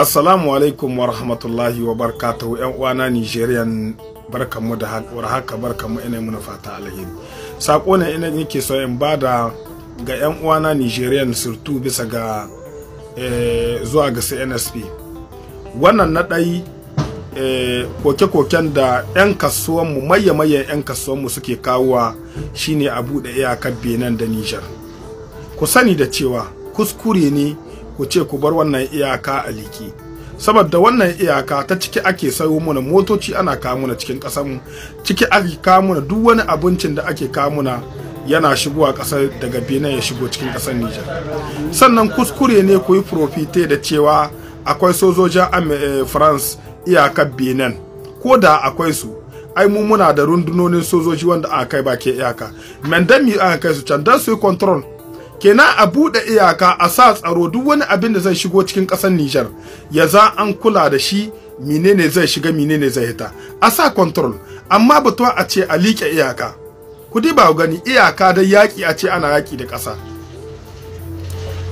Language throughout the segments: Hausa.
Assalamu alaikum wa rahmatullahi wa barkatu ‘yan uwana Nigerian barkanmu da haka barkanmu ina muna fata alheri. Sako ne ina yake so in bada ga ‘yan uwana Nigerian surtu bisa ga eh, zuwa ga CNSP. Wannan na ɗai eh, koke-koken da ‘yan kasuwanmu maye-maye ‘yan kasuwanmu suke kawowa shine a buɗe iyakar Benin da Nijar. Ku sani da cewa kuskure ne ku ce ku bar wannan iyaka a liki saboda wannan iyaka ta ciki ake sayo mana motoci ana kawo mana cikin ƙasar ciki ake kawo mana duk wani abincin da ake kawo mana yana shigowa ƙasar daga benin ya shigo cikin ƙasar Niger sannan kuskure ne ku yi profite da cewa akwai sojojin eh, france iyakar benin ko da akwai su ai mu muna da rundunonin sojoji wanda aka kai ba ke iyaka mendami aka kai su can don su yi control kenan a buɗe iyaka a sa tsaro duk wani abin da zai shigo cikin ƙasar Nijar ya za an kula da shi menene zai shiga menene zai hita a sa control amma batuwa a ce a liƙe iyaka ku ba gani iyaka da yaƙi a ce ana yaƙi da ƙasa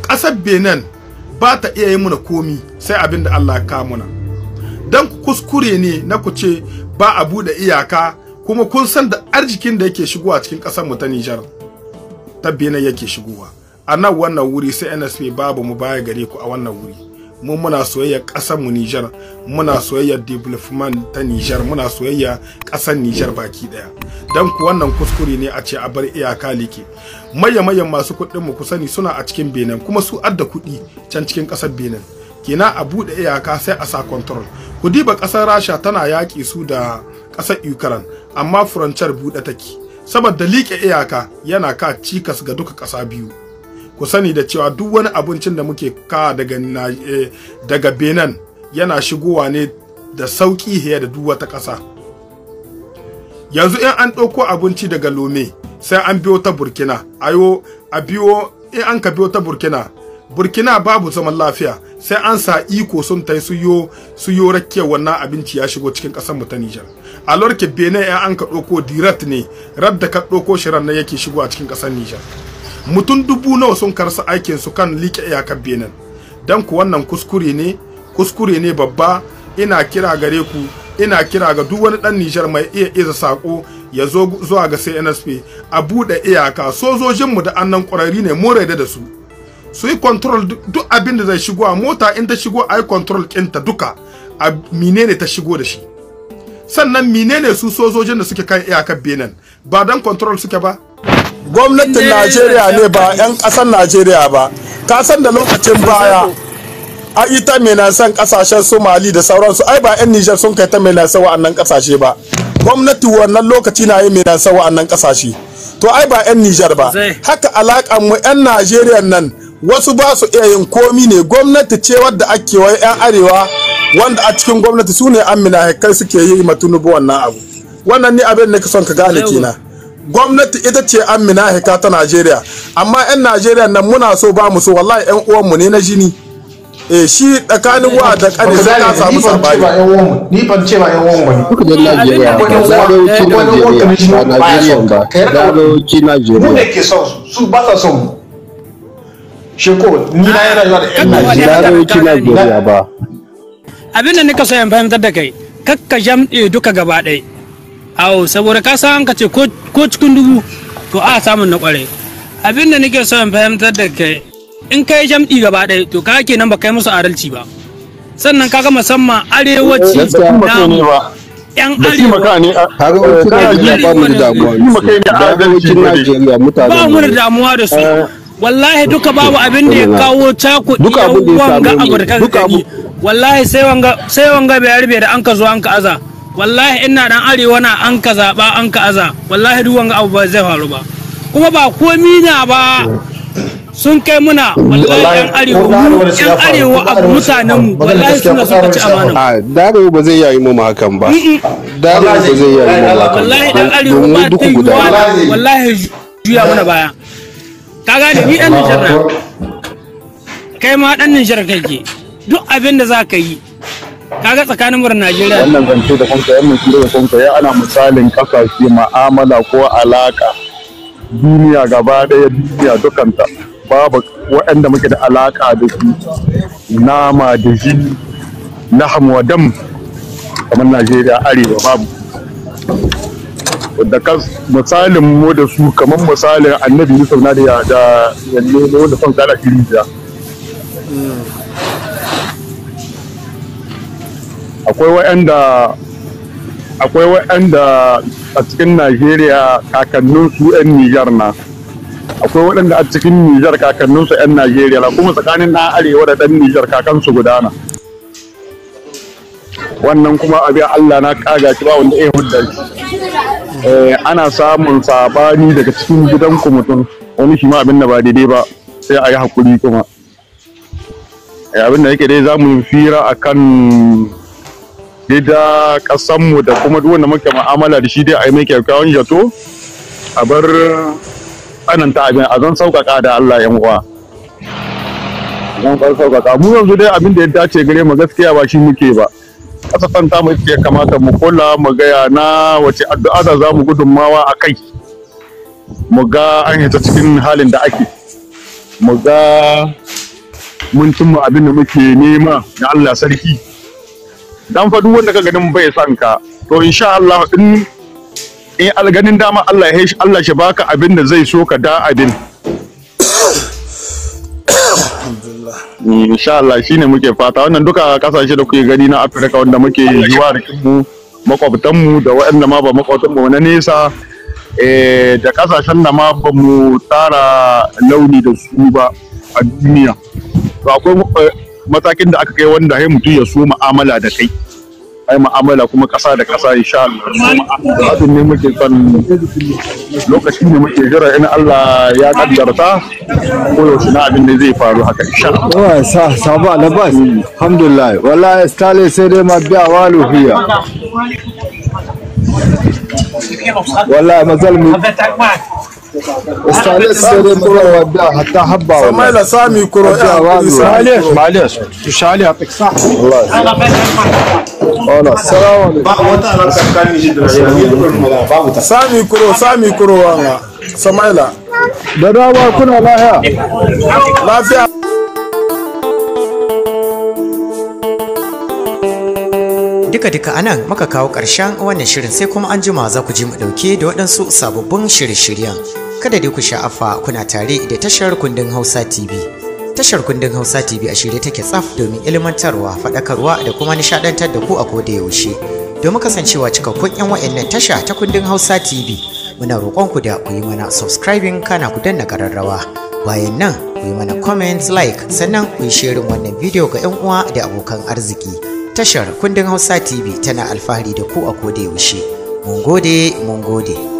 ƙasar Benin ba ta iya yi muna komi sai abin da Allah ya muna dan kuskure ne na ku ce ba a buɗe iyaka kuma kun san da arzikin da yake a cikin ƙasar mu ta Nijar ta bene yake shigowa a nan wannan wuri sai nsp babu mu baya gare ku a wannan wuri mu muna soyayya ƙasar mu Niger muna soyayya development ta Niger muna soyayya ƙasar Niger baki daya dan ku wannan kuskure ne a ce a bar iyaka like maye mayan masu kuɗin mu ku sani suna a cikin Benin kuma su adda kuɗi can cikin ƙasar Benin kina a bude iyaka sai a sa control ku diba ƙasar Rasha tana yaki su da ƙasar Ukraine amma frontier buɗe take saboda liƙe iyaka yana ka cikas ga duka ƙasa biyu ku sani da cewa duk wani abincin da muke ka daga, eh, benin yana shigowa ne da sauƙi hiya da duk wata ƙasa yanzu in an ɗauko abinci daga lome sai an biyo ta burkina ayo a biyo in an ka biyo ta burkina burkina babu zaman lafiya sai an sa iko sun tai su yo su yo rakke wannan abinci ya shigo cikin kasar mu ta Niger a lorke bene ya an ka doko direct ne radda ka doko shiran nan yake shigo a cikin kasar Niger mutun dubu nawa sun karsa aikin su kan like iyakar Benin dan ku wannan kuskure ne kuskure ne babba ina kira gare ku ina kira ga duk wani dan Nijar mai iya iza sako ya zo zuwa ga CNSP a bude iyaka mu da annan kurari ne mu raida da su su yi control duk abin da zai shigo a mota in ta shigo a yi control ɗinta duka a menene ta shigo da shi sannan menene su sojojin da suke kan iyakar benin ba don control suke ba gwamnatin najeriya ne ba 'yan ƙasar najeriya ba ka san da lokacin baya a ita mai nasan kasashen somali da sauransu ai ba 'yan nijar sun kai ta mai nasan wa'annan kasashe ba gwamnati wannan lokaci na yi mai nasan wa'annan kasashe to ai ba 'yan nijar ba haka alaƙa mu 'yan najeriya nan wasu ba su iya yin komi ne gwamnati ce wadda ake wa 'yan arewa wanda a cikin gwamnati su ne amina minahikai suke yi ma tunubu wannan abu wannan ni abin ne ka son ka gane kina gwamnati ita ce amina haika ta najeriya amma 'yan najeriya nan muna so ba mu so wallahi 'yan uwan mu ne na jini eh shi tsakanin wa da kare sai ka samu sabani ni ban ce ba yan uwan wani kuka da Najeriya ba da ki Najeriya ba da ki Najeriya mu ne ke son su ba sa son mu sheko ni na yana ah, yawa da yan Najeriya ba abin da nika so in fahimtar da kai kakka jam'e duka gaba ɗaya awo saboda ka san ka ce ko cikin dubu to a samun na kwarai abin da nake so in fahimtar da kai in kai jam'i gaba ɗaya to ka nan ba kai musu adalci ba sannan ka ga musamman arewaci na eh, yan arewa ba mu da damuwa da su eh, wallahi duka babu abin da ya kawo cakuɗi wanga abu da kanka gani wallahi sai wanga sai wanga bai harbe da an ka zo an ka aza wallahi ina dan arewa na an ka zaba an ka aza wallahi duk wanga abu ba zai faru ba kuma ba komi na ba sun kai muna wallahi yan arewa mu yan arewa abu mutanen mu wallahi suna ka ci amana dare ba zai yayi mu hakan ba dare ba zai yayi mu hakan wallahi dan arewa ba ta yi wallahi juya muna baya ka gane ni dan Nijar na kai ma dan Nijar kake duk abin da za ka yi kaga tsakanin murar Najeriya wannan zance da kanka yan mutum da kanka ya ana misalin kasashe ma'amala ko alaka duniya gaba daya duniya dukanta babu waɗanda muke da alaka da su nama da shi na dam kamar Najeriya arewa babu da kas misalin mu da su kamar misalin annabi yusuf na da da yanne wanda son kada iri da akwai wa'anda akwai wa'anda a cikin najeriya kakannin su 'yan nijar na akwai waɗanda a cikin nijar kakannin su 'yan najeriya kuma tsakanin na arewa da ɗan nijar kakansu gudana wannan kuma abin Allah na kaga ki ba wanda ya hudda eh, ana samun sabani daga cikin gidan ku mutum wani shi ma abin da ba daidai ba sai a yi hakuri kuma eh, abin da yake dai za mu fira akan gida ƙasanmu da kuma duk wanda muke mu'amala da shi dai a yi mai kyakkyawan jato a bar tsananta abin a zan sauƙaƙa da Allah yan uwa zan sauƙaƙa mu yanzu dai abin da ya dace gare mu gaskiya ba shi muke ba kasafan ta mai ya kamata mu kula mu gaya na wace addu'a da za mu gudunmawa a kai mu ga an hita cikin halin da ake mu ga mun cimma abin da muke nema ga Allah sarki dan fa duk wanda ka ganin bai san ka to insha Allah in in alganin dama Allah ya Allah shi baka abin da zai so ka da abin Inshallah insha Allah shine muke fata wannan duka kasashe da kuke gani na Afirka wanda muke zuwa da mu makwabtan mu da waɗanda ma ba makwabtan mu na nesa eh da kasashen da ma ba mu tsara launi da su ba a duniya to akwai eh, matakin da aka kai wanda hai mutum ya so mu'amala da kai ai mu'amala kuma ƙasa da ƙasa insha Allah abin ne muke son lokaci ne muke jira in Allah ya kaddarta ko yaushe na abin ne zai faru haka insha Allah wa sa sabu alabas alhamdulillah wallahi stale sai dai ma biya walu hiya wallahi mazal mu استعليت سليم كرة وداع حتى حبة سميلة سامي كرة معليش معليش مش عليها يعطيك صح الله Ola, salamu alaikum. Ba wata alaka kan shi da shi. Sami kuro, sami kuro wanga. Samaila. Da dawa kuna lafiya. Lafiya. duka-duka anan maka kawo ƙarshen wannan shirin sai kuma an jima za ku ji mu ɗauke da waɗansu sababbin shirye-shiryen kada dai ku sha'afa kuna tare da tashar kundin hausa tv Tashar kundin Hausa TV a shirye take tsaf domin ilmantarwa, faɗakarwa da kuma nishaɗantar da ku a koda yaushe. Domin kasancewa cikakkun 'yan wa'annan tasha ta kundin Hausa TV, muna roƙon ku da ku yi mana subscribing kana ku danna ƙararrawa. Bayan nan, ku yi mana comments, like, sannan ku yi sharing wannan bidiyo ga 'yan uwa da abokan arziki. Tashar kundin Hausa TV tana alfahari da ku a koda yaushe. Mun gode, mun gode.